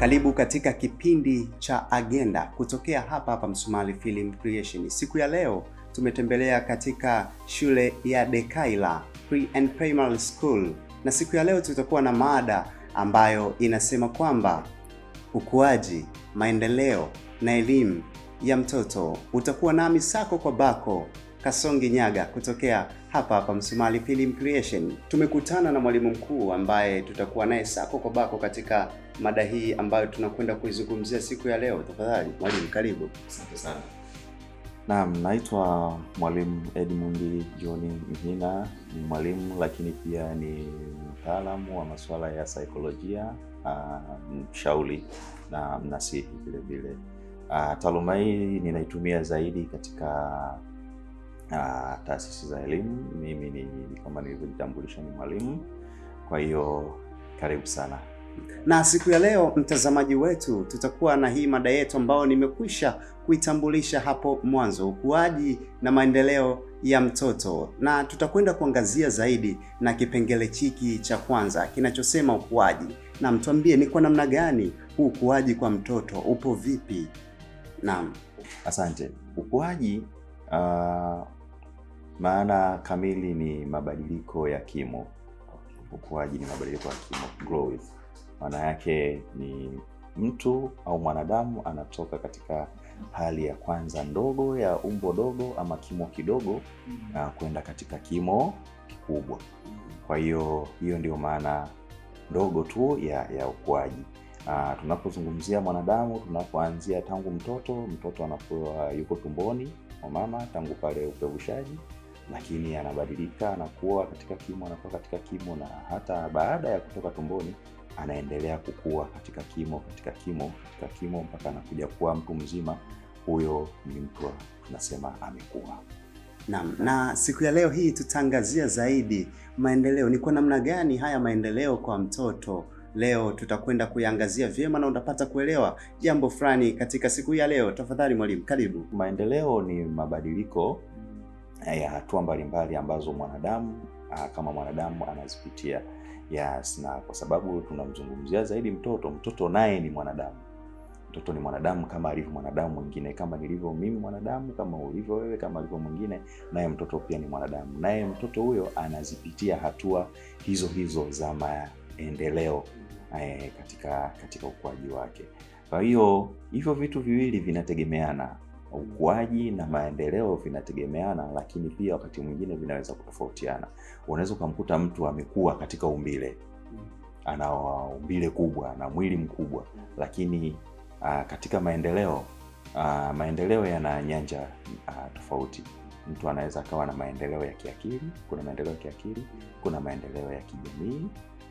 Karibu katika kipindi cha Agenda kutokea hapa hapa Msumali Film Creation. Siku ya leo tumetembelea katika shule ya Dekaila Pre and Primary School, na siku ya leo tutakuwa na mada ambayo inasema kwamba ukuaji, maendeleo na elimu ya mtoto. Utakuwa nami sako kwa bako Kasongi Nyaga kutokea hapa hapa Msumali Film Creation. Tumekutana na mwalimu mkuu ambaye tutakuwa naye sako kwa bako katika mada hii ambayo tunakwenda kuizungumzia siku ya leo. Tafadhali mwalimu, karibu. Asante sana. Naam, naitwa Mwalimu Edmund John Mhina, ni mwalimu lakini pia ni mtaalamu wa masuala ya saikolojia, ah, mshauri na mnasihi vile vile. Ah, taaluma hii ninaitumia zaidi katika ah, taasisi za elimu. Mimi ni kama nilivyojitambulisha, ni mwalimu, kwa hiyo karibu sana. Na siku ya leo mtazamaji wetu, tutakuwa na hii mada yetu ambayo nimekwisha kuitambulisha hapo mwanzo, ukuaji na maendeleo ya mtoto, na tutakwenda kuangazia zaidi na kipengele chiki cha kwanza kinachosema ukuaji, na mtuambie ni kwa namna gani huu ukuaji kwa mtoto upo vipi? Naam, asante. Ukuaji uh, maana kamili ni mabadiliko ya kimo. Ukuaji ni mabadiliko ya kimo, growth maana yake ni mtu au mwanadamu anatoka katika hali ya kwanza ndogo ya umbo dogo ama kimo kidogo na mm. ah, kwenda katika kimo kikubwa. Kwa hiyo hiyo ndio maana ndogo tu ya, ya ukuaji. Ah, tunapozungumzia mwanadamu, tunapoanzia tangu mtoto, mtoto anapokuwa yuko tumboni wa mama, tangu pale upevushaji, lakini anabadilika, anakuwa katika kimo, anakuwa katika kimo, na hata baada ya kutoka tumboni anaendelea kukua katika kimo katika kimo katika kimo mpaka anakuja kuwa mtu mzima. Huyo ni mtu tunasema amekua Naam, na siku ya leo hii tutaangazia zaidi maendeleo, ni kwa namna gani haya maendeleo kwa mtoto leo tutakwenda kuyaangazia vyema na utapata kuelewa jambo fulani katika siku ya leo. Tafadhali mwalimu, karibu. Maendeleo ni mabadiliko eh, ya hatua mbalimbali ambazo mwanadamu ah, kama mwanadamu anazipitia Yes, na kwa sababu tunamzungumzia zaidi mtoto, mtoto naye ni mwanadamu. Mtoto ni mwanadamu kama alivyo mwanadamu mwingine, kama nilivyo mimi mwanadamu, kama ulivyo wewe, kama alivyo mwingine, naye mtoto pia ni mwanadamu, naye mtoto huyo anazipitia hatua hizo hizo za maendeleo eh, katika katika ukuaji wake. Kwa hiyo hivyo vitu viwili vinategemeana. Ukuaji na maendeleo vinategemeana, lakini pia wakati mwingine vinaweza kutofautiana. Unaweza ukamkuta mtu amekuwa katika umbile, ana umbile kubwa, na mwili mkubwa, lakini a, ah, katika maendeleo a, ah, maendeleo yana nyanja a, ah, tofauti. Mtu anaweza akawa na maendeleo ya kiakili, kuna maendeleo ya kiakili, kuna maendeleo ya kijamii,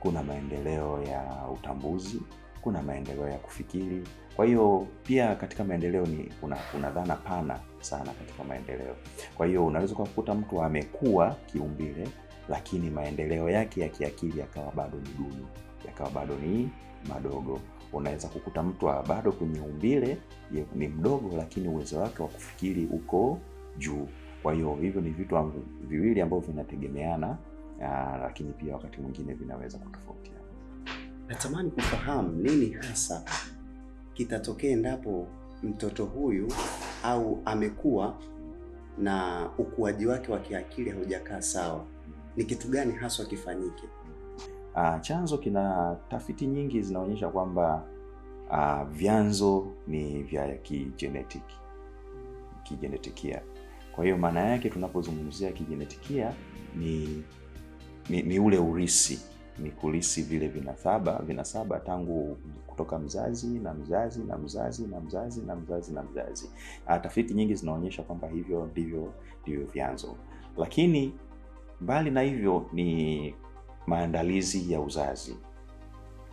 kuna maendeleo ya utambuzi kuna maendeleo ya kufikiri. Kwa hiyo pia katika maendeleo ni kuna, kuna dhana pana sana katika maendeleo. Kwa hiyo unaweza kukuta mtu amekuwa kiumbile, lakini maendeleo yake ya kiakili yakawa bado ni duni, yakawa bado ni madogo. Unaweza kukuta mtu bado kwenye umbile ni mdogo, lakini uwezo wake wa kufikiri uko juu. Kwa hiyo hivyo ni vitu viwili ambavyo vinategemeana, lakini pia wakati mwingine vinaweza kutofautiana. Natamani kufahamu nini hasa kitatokea endapo mtoto huyu au amekuwa na ukuaji wake wa kiakili haujakaa sawa, ni kitu gani haswa kifanyike? Ah, chanzo kina tafiti nyingi zinaonyesha kwamba ah, vyanzo ni vya kijenetiki, kijenetikia. Kwa hiyo maana yake tunapozungumzia kijenetikia ni, ni, ni ule urisi mikulisi vile vinasaba vinasaba tangu kutoka mzazi na mzazi na mzazi na mzazi na mzazi na mzazi. Tafiti nyingi zinaonyesha kwamba hivyo ndivyo ndivyo vyanzo, lakini mbali na hivyo ni maandalizi ya uzazi.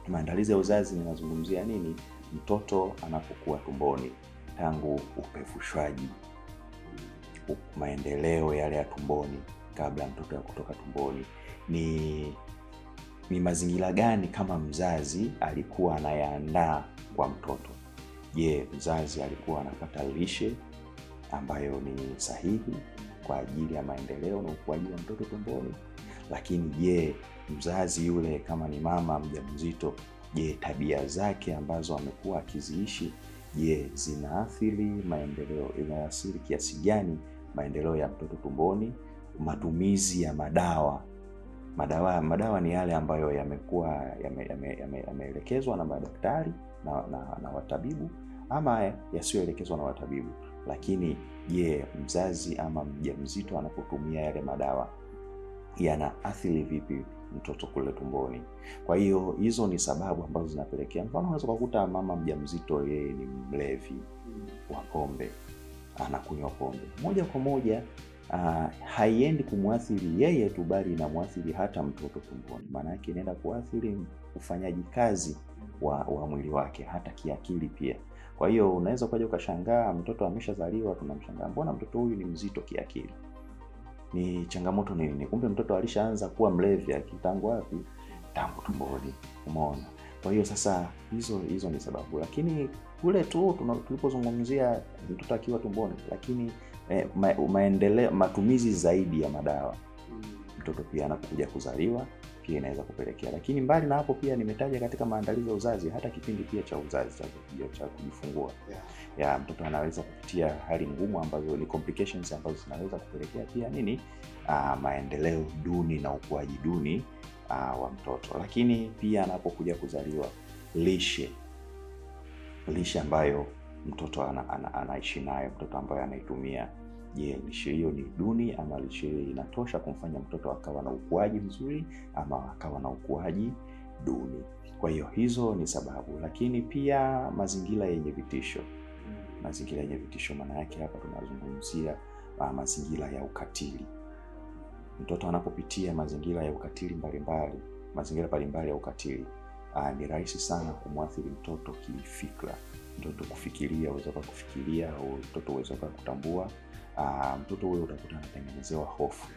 Maandalizi ya uzazi ninazungumzia nini? Mtoto anapokuwa tumboni tangu upevushwaji, maendeleo yale ya tumboni kabla mtoto ya kutoka tumboni ni ni mazingira gani kama mzazi alikuwa anayaandaa kwa mtoto? Je, mzazi alikuwa anapata lishe ambayo ni sahihi kwa ajili ya maendeleo na ukuaji wa mtoto tumboni? Lakini je, mzazi yule kama ni mama mja mzito je, tabia zake ambazo amekuwa akiziishi, je, zinaathiri maendeleo, inaathiri kiasi gani maendeleo ya mtoto tumboni? Matumizi ya madawa madawa madawa ni yale ambayo yamekuwa yameelekezwa yame, yame na madaktari na, na, na watabibu ama yasiyoelekezwa na watabibu. Lakini je, mzazi ama mjamzito anapotumia yale madawa yana athili vipi mtoto kule tumboni? Kwa hiyo hizo ni sababu ambazo zinapelekea. Mfano, unaweza kukuta mama mjamzito yeye ni mlevi wa pombe, anakunywa pombe moja kwa moja uh, haiendi kumwathiri yeye tu, bali inamwathiri hata mtoto tumboni. Maana yake inaenda kuathiri ufanyaji kazi wa, wa mwili wake hata kiakili pia. Kwa hiyo unaweza ukaja ukashangaa mtoto ameshazaliwa, tunamshangaa mbona mtoto huyu ni mzito kiakili. Ni changamoto nini? Kumbe mtoto alishaanza kuwa mlevi akitangu wapi? Tangu tumboni, umeona. Kwa hiyo sasa hizo hizo ni sababu, lakini kule tu tulipozungumzia vitu takiwa tumboni, lakini eh, ma, maendele, matumizi zaidi ya madawa hmm. Mtoto pia anapokuja kuzaliwa pia inaweza kupelekea, lakini mbali na hapo pia nimetaja katika maandalizi ya uzazi, hata kipindi pia cha uzazi cha kujifungua yeah. Ya, mtoto anaweza kupitia hali ngumu ambazo ni complications ambazo zinaweza kupelekea pia nini aa, ah, maendeleo duni na ukuaji duni aa, ah, wa mtoto, lakini pia anapokuja kuzaliwa lishe lishe ambayo mtoto ana, ana, anaishi nayo, mtoto ambayo anaitumia. Je, lishe hiyo ni duni ama lishe hiyo inatosha kumfanya mtoto akawa na ukuaji mzuri ama akawa na ukuaji duni? Kwa hiyo hizo ni sababu, lakini pia mazingira yenye vitisho. Mazingira yenye vitisho, maana yake hapa tunazungumzia ah, mazingira ya ukatili. Mtoto anapopitia mazingira ya ukatili mbalimbali, mazingira mbalimbali ya ukatili aa, ah, ni rahisi sana kumwathiri mtoto kifikra, mtoto kufikiria, uwezo wake kufikiria, mtoto uwezo wake kutambua. Aa, ah, mtoto huyo utakuta anatengenezewa hofu,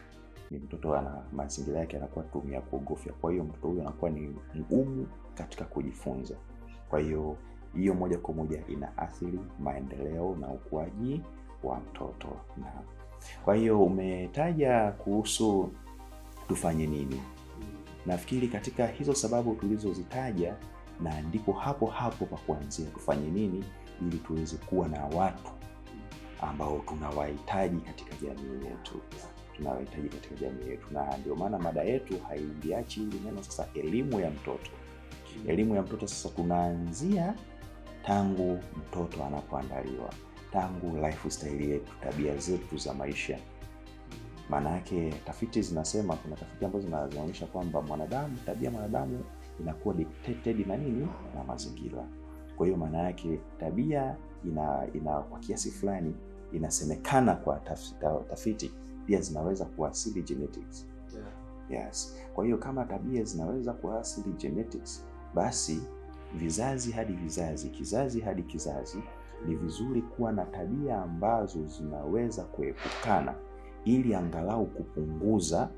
ni mtoto ana mazingira yake anakuwa tumia kuogofya. Kwa hiyo mtoto huyo anakuwa ni mgumu katika kujifunza. Kwa hiyo hiyo moja kwa moja inaathiri maendeleo na ukuaji wa mtoto na kwa hiyo umetaja kuhusu tufanye nini. Nafikiri katika hizo sababu tulizozitaja, na ndipo hapo hapo pa kuanzia tufanye nini ili tuweze kuwa na watu ambao tunawahitaji katika jamii yetu, tunawahitaji katika jamii yetu. Na ndio maana mada yetu hailiachi hili neno sasa, elimu ya mtoto. Elimu ya mtoto sasa tunaanzia tangu mtoto anapoandaliwa, tangu lifestyle yetu, tabia zetu za maisha maana yake tafiti zinasema, kuna tafiti ambazo zinaonyesha kwamba mwanadamu, tabia mwanadamu inakuwa dictated na nini? Na mazingira. Kwa hiyo maana yake tabia ina, ina kwa kiasi fulani inasemekana kwa tafiti pia zinaweza kuasili genetics. Yeah. Yes. Kwa hiyo kama tabia zinaweza kuasili genetics, basi vizazi hadi vizazi, kizazi hadi kizazi, ni vizuri kuwa na tabia ambazo zinaweza kuepukana ili angalau kupunguza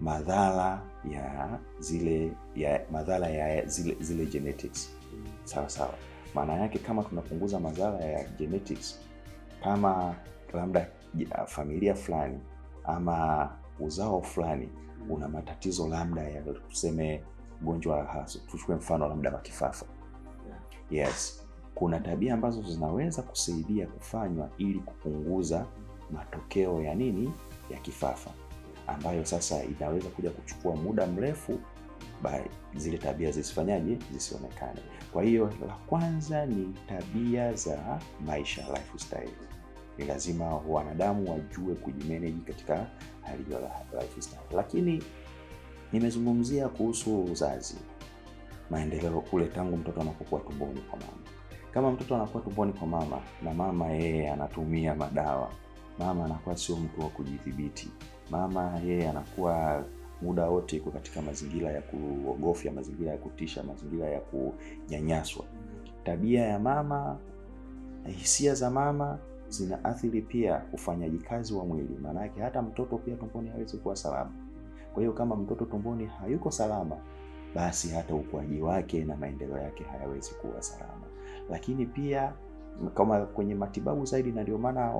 madhara ya zile ya madhara ya zile, zile genetics sawa sawa. Maana yake kama tunapunguza madhara ya genetics, kama labda familia fulani ama uzao fulani una matatizo labda ya tuseme gonjwa, tuchukue mfano labda wa kifafa, yes, kuna tabia ambazo zinaweza kusaidia kufanywa ili kupunguza matokeo ya nini ya kifafa, ambayo sasa inaweza kuja kuchukua muda mrefu zile tabia zisifanyaje, zisionekane. Kwa hiyo la kwanza ni tabia za maisha, lifestyle. Ni lazima wanadamu wajue kujimeneji katika hali ya lifestyle, lakini nimezungumzia kuhusu uzazi, maendeleo kule tangu mtoto anapokuwa tumboni kwa mama. Kama mtoto anakuwa tumboni kwa mama na mama yeye anatumia madawa mama anakuwa sio mtu wa kujidhibiti. Mama yeye anakuwa muda wote iko katika mazingira ya kuogofya, mazingira ya kutisha, mazingira ya kunyanyaswa. Tabia ya mama, hisia za mama zinaathiri pia ufanyaji kazi wa mwili, maana yake hata mtoto pia tumboni hawezi kuwa salama. Kwa hiyo kama mtoto tumboni hayuko salama, basi hata ukuaji wake na maendeleo yake hayawezi kuwa salama, lakini pia kama kwenye matibabu zaidi, na ndio maana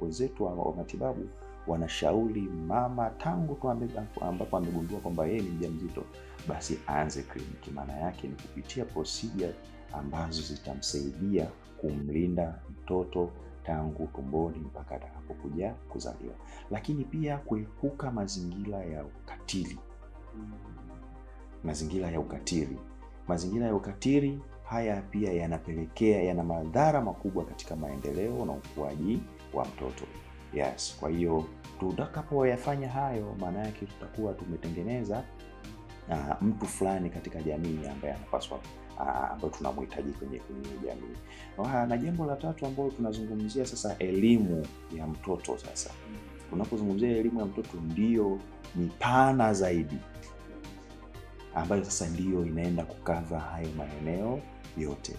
wenzetu wa, wa, wa, wa, wa matibabu wanashauri mama tangu tu ambapo amegundua kwamba yeye ni mjamzito, basi aanze kliniki. Maana yake ni kupitia procedure ambazo zitamsaidia kumlinda mtoto tangu tumboni mpaka atakapokuja kuzaliwa, lakini pia kuepuka mazingira ya ukatili. Mm. Mazingira ya ukatili, mazingira ya ukatili haya pia yanapelekea, yana madhara makubwa katika maendeleo na ukuaji wa mtoto. Yes, kwa hiyo tutakapoyafanya hayo, maana yake tutakuwa tumetengeneza uh, mtu fulani katika jamii ambaye anapaswa ah, ambayo tunamhitaji kwenye kwenye jamii. Ah, na jambo la tatu ambalo tunazungumzia sasa, elimu ya mtoto. Sasa tunapozungumzia elimu ya mtoto, ndiyo ni pana zaidi, ambayo sasa ndiyo inaenda kukava hayo maeneo yote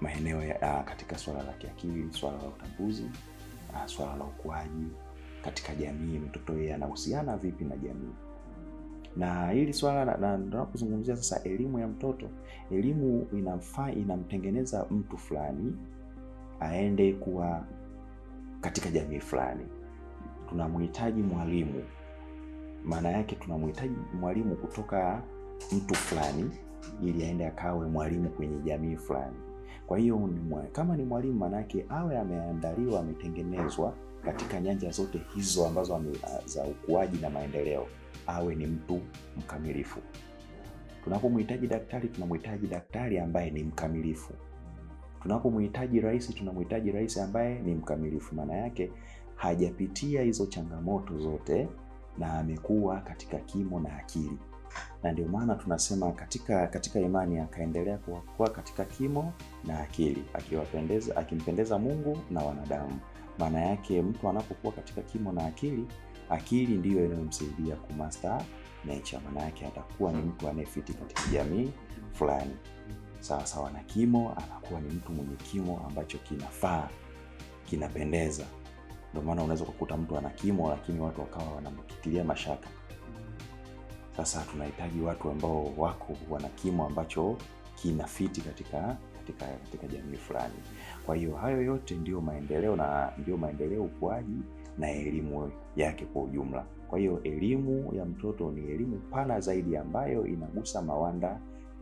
maeneo ya, ah, katika swala la kiakili, swala la utambuzi, ah, swala la ukuaji katika jamii, mtoto yeye anahusiana vipi na jamii. Na hili swala tunapozungumzia sasa elimu ya mtoto, elimu inamfaa inamtengeneza mtu fulani aende kuwa katika jamii fulani. Tunamhitaji mwalimu, maana yake tunamhitaji mwalimu kutoka mtu fulani ili aende akawe mwalimu kwenye jamii fulani. Kwa hiyo kama ni mwalimu, manake awe ameandaliwa, ametengenezwa katika nyanja zote hizo ambazo ame, za ukuaji na maendeleo, awe ni mtu mkamilifu. Tunapomhitaji daktari, tunamhitaji daktari ambaye ni mkamilifu. Tunapomhitaji rais, tunamhitaji rais ambaye ni mkamilifu. Maana yake hajapitia hizo changamoto zote na amekuwa katika kimo na akili na ndio maana tunasema katika katika imani akaendelea kuwa katika kimo na akili, akiwapendeza akimpendeza Mungu na wanadamu. Maana yake mtu anapokuwa katika kimo na akili, akili ndiyo inayomsaidia kumasta nature. Maana yake atakuwa ni mtu anayefiti katika jamii fulani sawa sawa na kimo, anakuwa ni mtu mwenye kimo ambacho kinafaa, kinapendeza. Ndio maana unaweza kukuta mtu ana kimo, lakini watu wakawa wanamkitilia mashaka sasa tunahitaji watu ambao wako wana kimo ambacho kinafiti katika katika katika jamii fulani. Kwa hiyo hayo yote ndiyo maendeleo na ndio maendeleo, ukuaji na elimu yake kwa ujumla. Kwa hiyo elimu ya mtoto ni elimu pana zaidi ambayo inagusa mawanda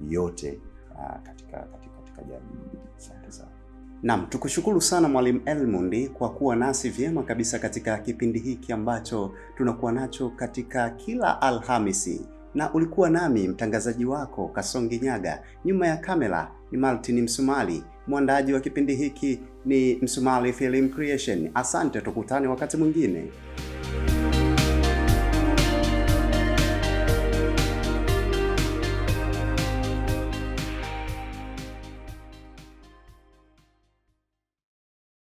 yote ah, katika katika katika jamii. Asante sana. Naam, tukushukuru sana Mwalimu Elmund kwa kuwa nasi vyema kabisa katika kipindi hiki ambacho tunakuwa nacho katika kila Alhamisi, na ulikuwa nami mtangazaji wako Kasongi Nyaga. Nyuma ya kamera ni Martin Msumali, mwandaji wa kipindi hiki ni Msumali Film Creation. Asante, tukutane wakati mwingine.